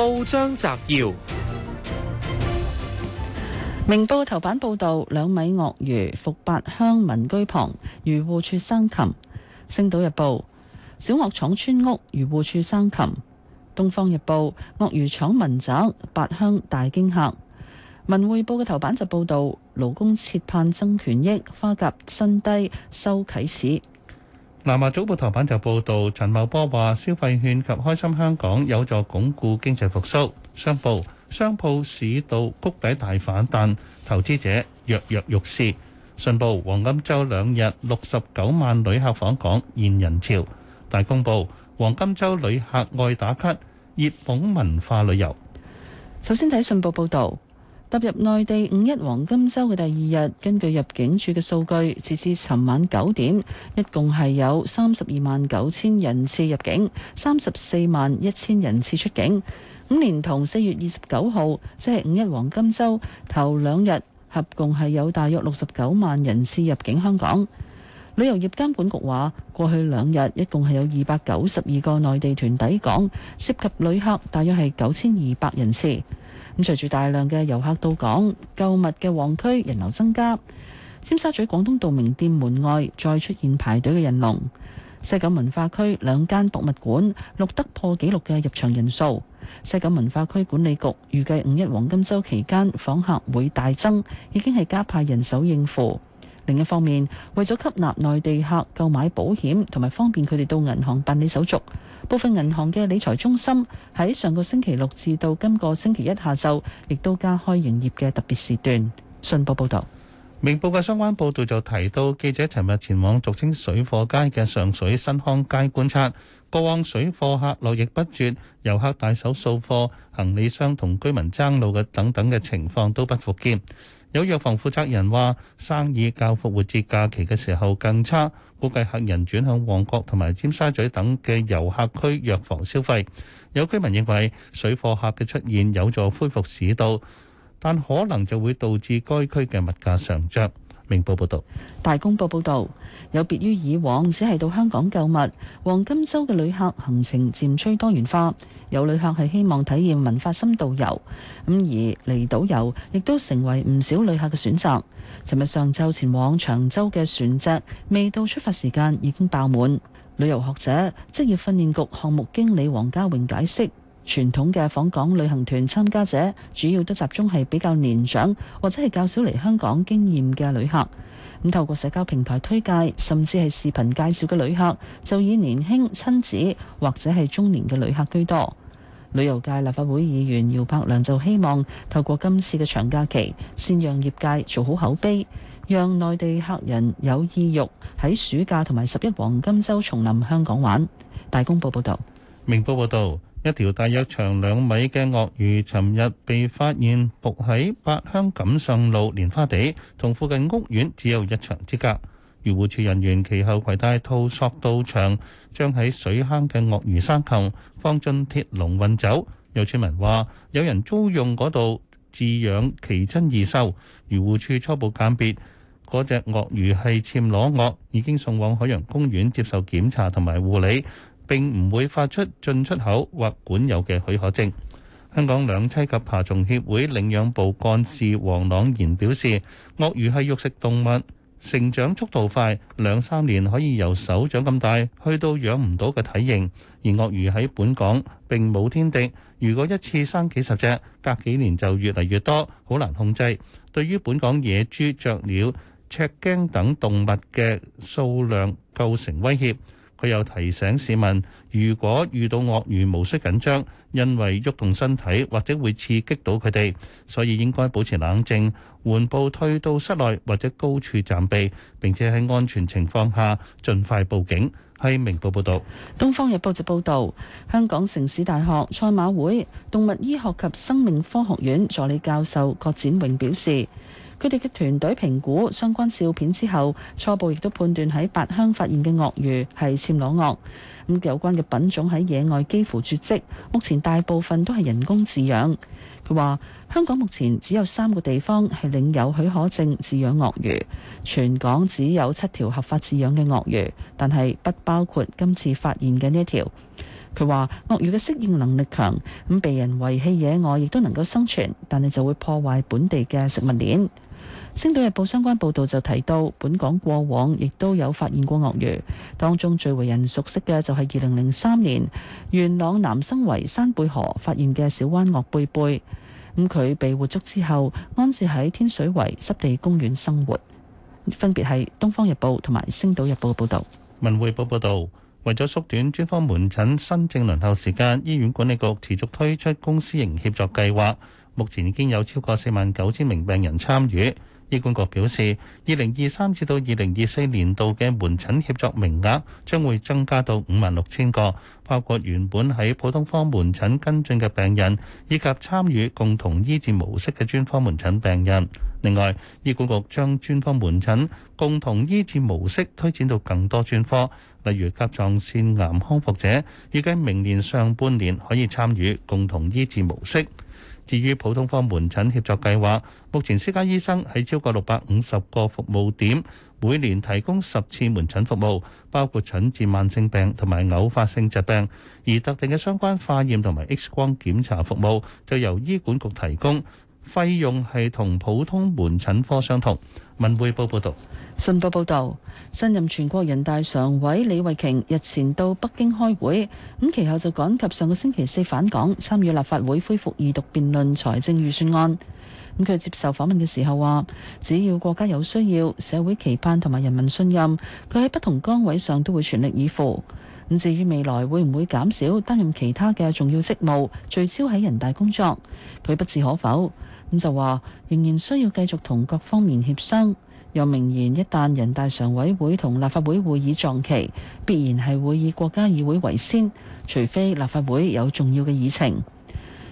報章摘要：明報頭版報道，兩米鱷魚伏八鄉民居旁，漁護處生擒。星島日報：小鱷闖村，村屋，漁護處生擒。東方日報：鱷魚闖民宅，八鄉大驚嚇。文匯報嘅頭版就報道，勞工切盼增權益，花甲新低收啟市。南華早報頭版就報道，陳茂波話消費券及開心香港有助鞏固經濟復甦。商報，商鋪市道谷底大反彈，投資者躍躍欲試。信報，黃金週兩日六十九萬旅客訪港，現人潮。大公報，黃金週旅客愛打卡，熱捧文化旅遊。首先睇信報報導。踏入內地五一黃金週嘅第二日，根據入境處嘅數據，截至尋晚九點，一共係有三十二萬九千人次入境，三十四萬一千人次出境。咁連同四月二十九號，即係五一黃金週頭兩日，合共係有大約六十九萬人次入境香港。旅遊業監管局話：過去兩日一共係有二百九十二個內地團抵港，涉及旅客大約係九千二百人次。咁隨住大量嘅遊客到港，購物嘅旺區人流增加。尖沙咀廣東道名店門外再出現排隊嘅人龍。西九文化區兩間博物館錄得破紀錄嘅入場人數。西九文化區管理局預計五一黃金週期間訪客會大增，已經係加派人手應付。另一方面，為咗吸納內地客購買保險同埋方便佢哋到銀行辦理手續，部分銀行嘅理財中心喺上個星期六至到今個星期一下晝，亦都加開營業嘅特別時段。信報報導，明報嘅相關報導就提到，記者尋日前往俗稱水貨街嘅上水新康街觀察，過往水貨客絡繹不絕，遊客大手掃貨、行李箱同居民爭路嘅等等嘅情況都不復見。有藥房負責人話，生意較復活節假期嘅時候更差，估計客人轉向旺角同埋尖沙咀等嘅遊客區藥房消費。有居民認為水貨客嘅出現有助恢復市道，但可能就會導致該區嘅物價上漲。明報報道，大公報報道，有別於以往只係到香港購物，黃金周嘅旅客行程漸趨多元化，有旅客係希望體驗文化深度遊，咁而離島遊亦都成為唔少旅客嘅選擇。尋日上晝前往長洲嘅船隻，未到出發時間已經爆滿。旅遊學者、職業訓練局項目經理黃家榮解釋。傳統嘅訪港旅行團參加者主要都集中係比較年長或者係較少嚟香港經驗嘅旅客。咁透過社交平台推介甚至係視頻介紹嘅旅客就以年輕、親子或者係中年嘅旅客居多。旅遊界立法會議員姚柏良就希望透過今次嘅長假期，先讓業界做好口碑，讓內地客人有意欲喺暑假同埋十一黃金週重臨香港玩。大公報報道。明報報導。一條大約長兩米嘅鱷魚，尋日被發現伏喺八鄉錦上路蓮花地，同附近屋苑只有一牆之隔。漁護處人員其後攜帶套索到場，將喺水坑嘅鱷魚生擒放進鐵籠運走。有村民話，有人租用嗰度飼養奇珍異獸。漁護處初步鑑別，嗰隻鱷魚係暹羅鱷，已經送往海洋公園接受檢查同埋護理。並唔會發出進出口或管有嘅許可證。香港兩棲及爬蟲協會領養部幹事黃朗賢表示：鱷魚係肉食動物，成長速度快，兩三年可以由手掌咁大去到養唔到嘅體型。而鱷魚喺本港並冇天敵，如果一次生幾十隻，隔幾年就越嚟越多，好難控制。對於本港野豬、雀鳥、赤麂等動物嘅數量構成威脅。佢又提醒市民，如果遇到鱷魚無需緊張，因為喐動身體或者會刺激到佢哋，所以應該保持冷靜，緩步退到室內或者高處暫避。並且喺安全情況下，盡快報警。喺明報報道，東方日報就報道香港城市大學賽馬會動物醫學及生命科學院助理教授郭展永表示。佢哋嘅團隊評估相關照片之後，初步亦都判斷喺八鄉發現嘅鱷魚係暹羅鱷。咁有關嘅品種喺野外幾乎絕跡，目前大部分都係人工飼養。佢話：香港目前只有三個地方係領有許可證飼養鱷魚，全港只有七條合法飼養嘅鱷魚，但係不包括今次發現嘅呢一條。佢話鱷魚嘅適應能力強，咁被人遺棄野外亦都能夠生存，但係就會破壞本地嘅食物鏈。《星島日報》相關報導就提到，本港過往亦都有發現過鱷魚，當中最為人熟悉嘅就係二零零三年元朗南生圍山貝河發現嘅小灣鱷貝貝。咁佢被活捉之後，安置喺天水圍濕地公園生活。分別係《東方日報》同埋《星島日報》嘅報導。《文匯報》報道：為咗縮短專科門診新症輪候時間，醫院管理局持續推出公私營協作計劃，目前已經有超過四萬九千名病人參與。醫管局表示，二零二三至到二零二四年度嘅門診協作名額將會增加到五萬六千個，包括原本喺普通科門診跟進嘅病人，以及參與共同醫治模式嘅專科門診病人。另外，醫管局將專科門診共同醫治模式推展到更多專科，例如甲狀腺癌康復者，預計明年上半年可以參與共同醫治模式。至於普通科門診協作計劃，目前私家醫生喺超過六百五十個服務點，每年提供十次門診服務，包括診治慢性病同埋偶發性疾病，而特定嘅相關化驗同埋 X 光檢查服務就由醫管局提供。費用係同普通門診科相同。文匯報報道，信報報道，新任全國人大常委李慧瓊日前到北京開會，咁其後就趕及上個星期四返港參與立法會恢復二讀辯論財政預算案。咁佢接受訪問嘅時候話：只要國家有需要、社會期盼同埋人民信任，佢喺不同崗位上都會全力以赴。咁至於未來會唔會減少擔任其他嘅重要職務，聚焦喺人大工作，佢不置可否。咁就話仍然需要繼續同各方面協商，又明言一旦人大常委會同立法會會議撞期，必然係會以國家議會為先，除非立法會有重要嘅議程。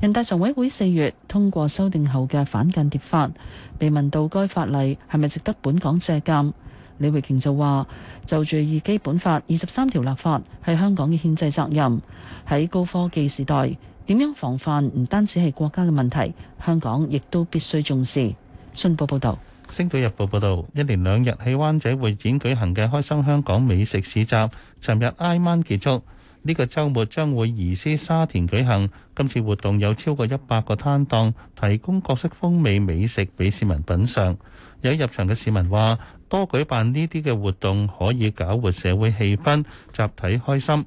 人大常委會四月通過修訂後嘅反間諜法，被問到該法例係咪值得本港借鑑，李慧瓊就話就住以基本法二十三條立法係香港嘅憲制責任，喺高科技時代。點樣防範唔單止係國家嘅問題，香港亦都必須重視。信報報道。《星島日報》報道：「一連兩日喺灣仔會展舉行嘅開心香港美食市集，尋日挨晚結束。呢個周末將會移師沙田舉行。今次活動有超過一百個攤檔，提供各式風味美食俾市民品嚐。有入場嘅市民話：多舉辦呢啲嘅活動，可以搞活社會氣氛，集體開心。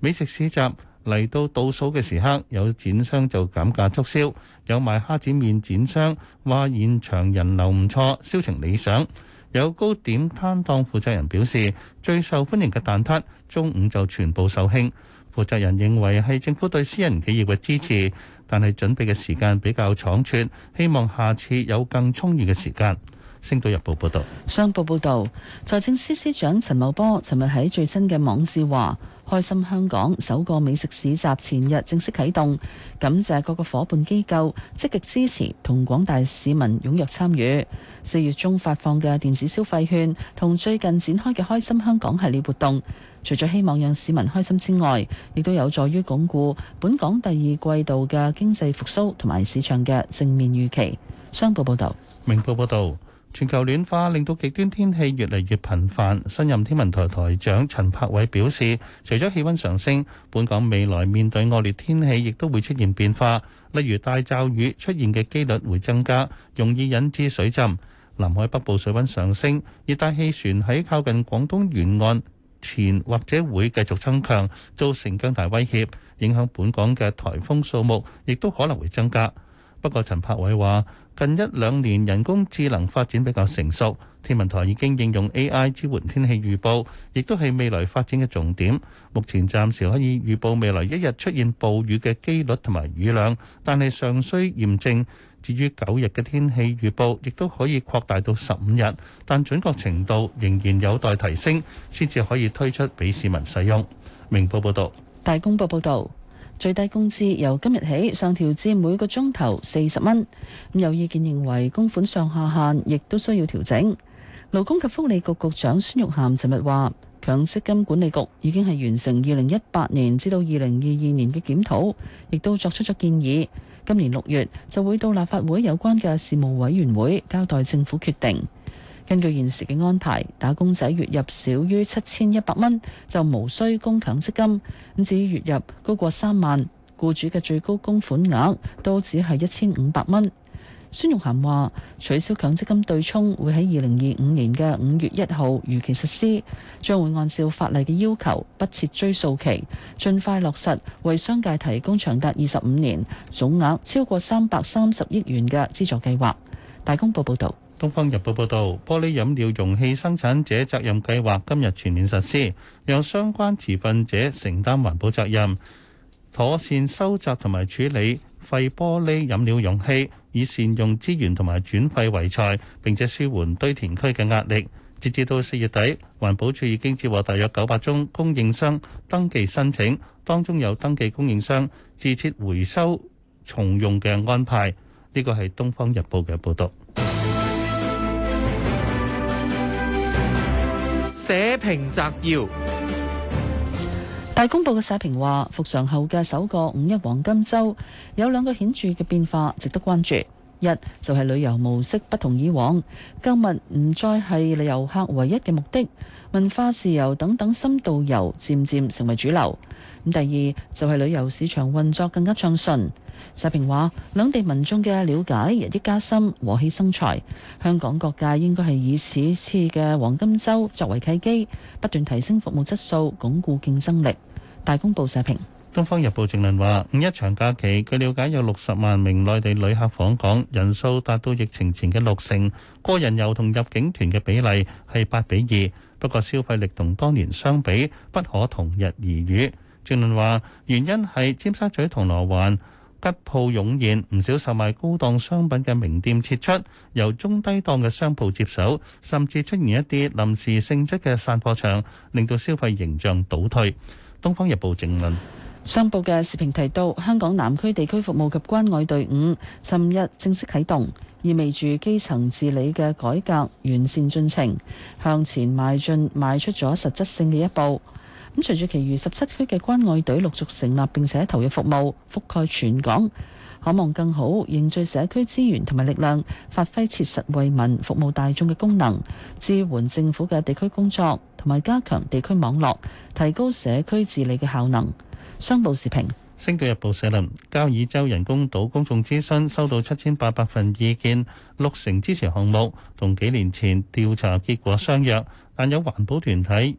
美食市集。嚟到倒數嘅時刻，有展商就減價促銷，有賣蝦子麵展商話現場人流唔錯，銷情理想。有糕點攤檔負責人表示，最受歡迎嘅蛋撻中午就全部售罄。負責人認為係政府對私人企業嘅支持，但係準備嘅時間比較倉促，希望下次有更充裕嘅時間。星島日報報道：「商報報道，財政司司長陳茂波尋日喺最新嘅網誌話。開心香港首個美食市集前日正式啟動，感謝各個夥伴機構積極支持同廣大市民踴躍參與。四月中發放嘅電子消費券同最近展開嘅開心香港系列活動，除咗希望讓市民開心之外，亦都有助於鞏固本港第二季度嘅經濟復蘇同埋市場嘅正面預期。商報報道，明報報道。全球暖化令到極端天氣越嚟越頻繁。新任天文台台長陳柏偉表示，除咗氣溫上升，本港未來面對惡劣天氣亦都會出現變化。例如大驟雨出現嘅機率會增加，容易引致水浸。南海北部水溫上升，熱帶氣旋喺靠近廣東沿岸前或者會繼續增強，造成更大威脅，影響本港嘅颱風數目亦都可能會增加。不過陳柏偉話。近一兩年人工智能發展比較成熟，天文台已經應用 AI 支援天氣預報，亦都係未來發展嘅重點。目前暫時可以預報未來一日出現暴雨嘅機率同埋雨量，但係尚需驗證。至於九日嘅天氣預報，亦都可以擴大到十五日，但準確程度仍然有待提升，先至可以推出俾市民使用。明報報道，大公報報道。最低工資由今日起上調至每個鐘頭四十蚊。咁有意見認為供款上下限亦都需要調整。勞工及福利局局，局長孫玉菡尋日話：強積金管理局已經係完成二零一八年至到二零二二年嘅檢討，亦都作出咗建議。今年六月就會到立法會有關嘅事務委員會交代政府決定。根據現時嘅安排，打工仔月入少於七千一百蚊就無需供強積金。咁至於月入高過三萬，僱主嘅最高供款額都只係一千五百蚊。孫玉涵話：取消強積金對沖會喺二零二五年嘅五月一號如期實施，將會按照法例嘅要求不設追溯期，盡快落實為商界提供長達二十五年、總額超過三百三十億元嘅資助計劃。大公報報導。《東方日報》報導，玻璃飲料容器生產者責任計劃今日全面實施，讓相關持份者承擔環保責任，妥善收集同埋處理廢玻璃飲料容器，以善用資源同埋轉廢為財，並且舒緩堆填區嘅壓力。截至到四月底，環保署已經接獲大約九百宗供應商登記申請，當中有登記供應商自設回收重用嘅安排。呢個係《東方日報》嘅報導。社評摘要：大公報嘅社評話，復常後嘅首個五一黃金周有兩個顯著嘅變化，值得關注。一就係旅遊模式不同以往，購物唔再係遊客唯一嘅目的，文化、自由等等深度遊漸漸成為主流。咁第二就係旅遊市場運作更加暢順。社評話，兩地民眾嘅了解日益加深，和氣生財。香港各界應該係以此次嘅黃金周作為契機，不斷提升服務質素，鞏固競爭力。大公報社評，《東方日報》正論話五一長假期，據了解有六十萬名內地旅客訪港，人數達到疫情前嘅六成。個人遊同入境團嘅比例係八比二，不過消費力同當年相比不可同日而語。正論話原因係尖沙咀同羅環。吉鋪湧現，唔少售賣高檔商品嘅名店撤出，由中低檔嘅商鋪接手，甚至出現一啲臨時性質嘅散貨場，令到消費形象倒退。《東方日報》正論，商報嘅視頻提到，香港南區地區服務及關愛隊伍尋日正式啟動，意味住基層治理嘅改革完善進程向前邁進，邁出咗實質性嘅一步。咁隨住其餘十七區嘅關愛隊陸續成立並且投入服務，覆蓋全港，可望更好凝聚社區資源同埋力量，發揮切實為民服務大眾嘅功能，支援政府嘅地區工作同埋加強地區網絡，提高社區治理嘅效能。商報時評：星島日報社論，交椅洲人工島公眾諮詢收到七千八百份意見，六成支持項目，同幾年前調查結果相若，但有環保團體、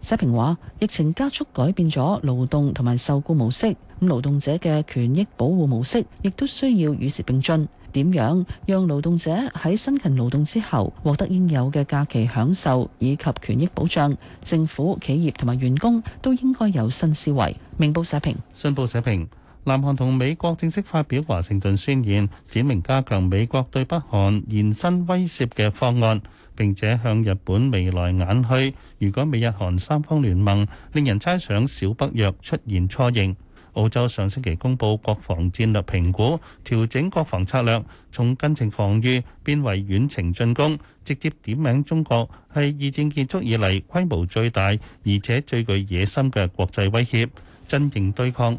社評話：疫情加速改變咗勞動同埋受僱模式，咁勞動者嘅權益保護模式亦都需要與時並進。點樣讓勞動者喺辛勤勞動之後獲得應有嘅假期享受以及權益保障？政府、企業同埋員工都應該有新思維。明報社評，信報社評。南韓同美國正式發表華盛頓宣言，指明加強美國對北韓延伸威懾嘅方案，並且向日本未來眼去。如果美日韓三方聯盟，令人猜想小北約出現雛形。澳洲上星期公布國防戰略評估，調整國防策略，從近程防禦變為遠程進攻，直接點名中國係二戰結束以嚟規模最大而且最具野心嘅國際威脅，陣營對抗。